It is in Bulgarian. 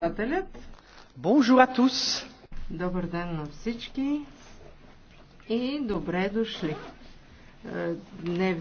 председателят. Bonjour à tous. Добър ден на всички и добре дошли. Е, Дневни